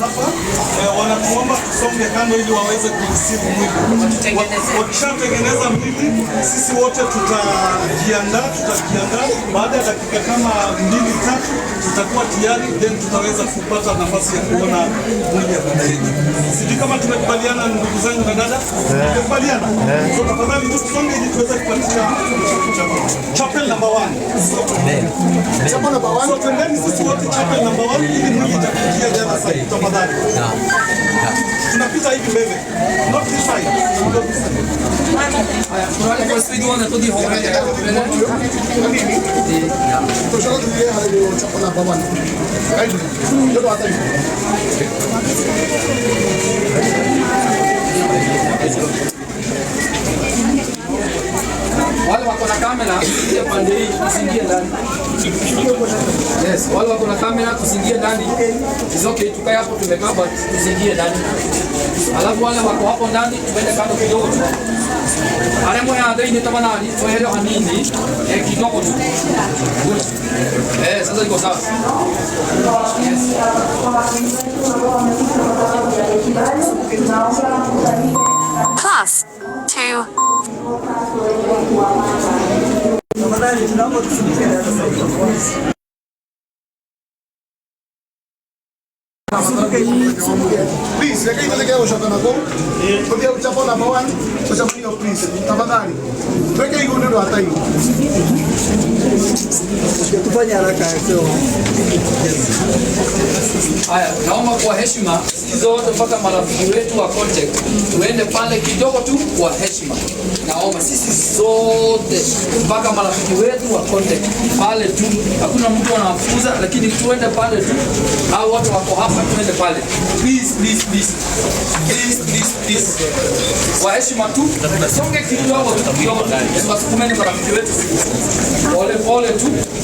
hapa eh, wanatuomba tusonge kando ili waweze kurisivu mwili. Wakishatengeneza mwili, sisi wote tutajiandaa, tutajiandaa. Baada ya dakika kama mbili tatu tutakuwa tayari, then tutaweza kupata nafasi ya kuona mwili ya dada Sijui kama tumekubaliana, ndugu zangu na dada, tumekubaliana. Eh. So tafadhali tusonge ili tuweze kupatia chapel number 1. So twendeni sisi wote chapel number 1 ili mwili itakufikia jana side. Tafadhali. Naam. Tunapita hivi mbele. Not this side. Not this side. Haya, tunaweza kwa speed one to the home. Naam. Tushaka kile hayo chakula baba ni. Right. Ndio hata hivi. Wale wako na kamera, pande hii usiingie ndani. Yes, wale wako na kamera tusingie ndani. It's okay, tukae hapo tumekaa but tusingie ndani. Alafu wale wako hapo ndani tuende kando kidogo. Ale moya ndani ni tamana ni tohero hanini eh, kidogo tu. Eh, sasa iko sawa. Class 2 tunaomba tusindikize darasa hili. Please, jakaiwezekana ushakanako kutia uchapo namba 1 ushamani of please tafadhali Fanya haraka haya. Naomba kwa heshima hizo wote mpaka marafiki wetu wa contact, tuende pale kidogo tu kwa heshima. Naomba sisi zote mpaka marafiki wetu wa contact pale tu, hakuna mtu anafuza, lakini tuende pale tu, au watu wako hapa, tuende pale please, please, please, please, please, please, kwa heshima tu, songe kidogo tu kidogo, tuwasukumeni marafiki wetu pole pole tu.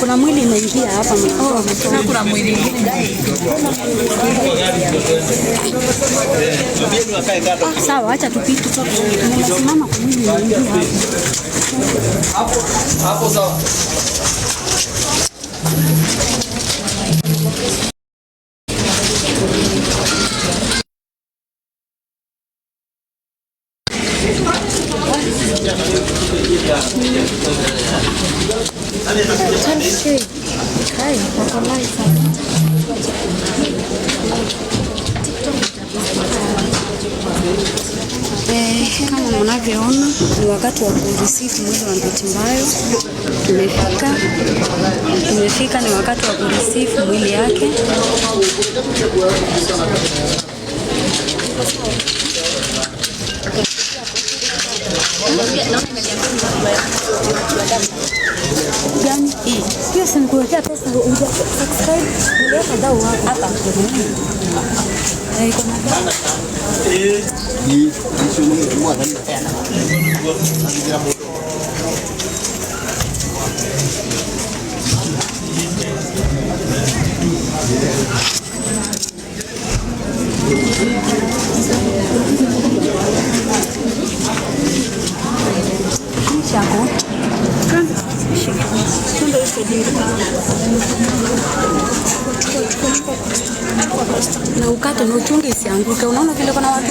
Kuna mwili inaingia hapa, kuna mwili mwingine. Sawa, acha tupite tutoke. Tunasimama kwa mwili inaingia hapo hapo, sawa. tunavyoona ni wakati wa kureceive mwili wa Betty Mbayo. Tumefika, tumefika, ni wakati wa kureceive mwili yake. 你你兄弟我能干了，那你别胡。Thank you. na ukate na uchunge isianguke. Unaona vile kuna watu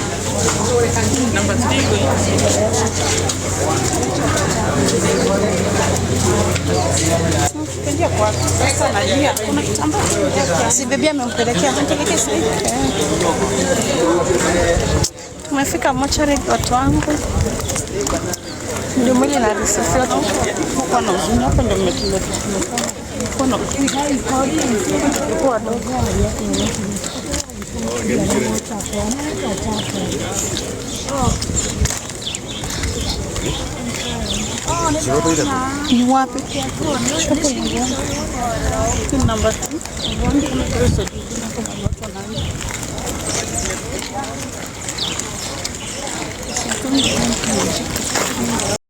Number three si bibi amempelekea. Tumefika mochari, watu wangu, ndio mwili na risifia huko na uzuni hapo, ndio mmekimbia You want the number.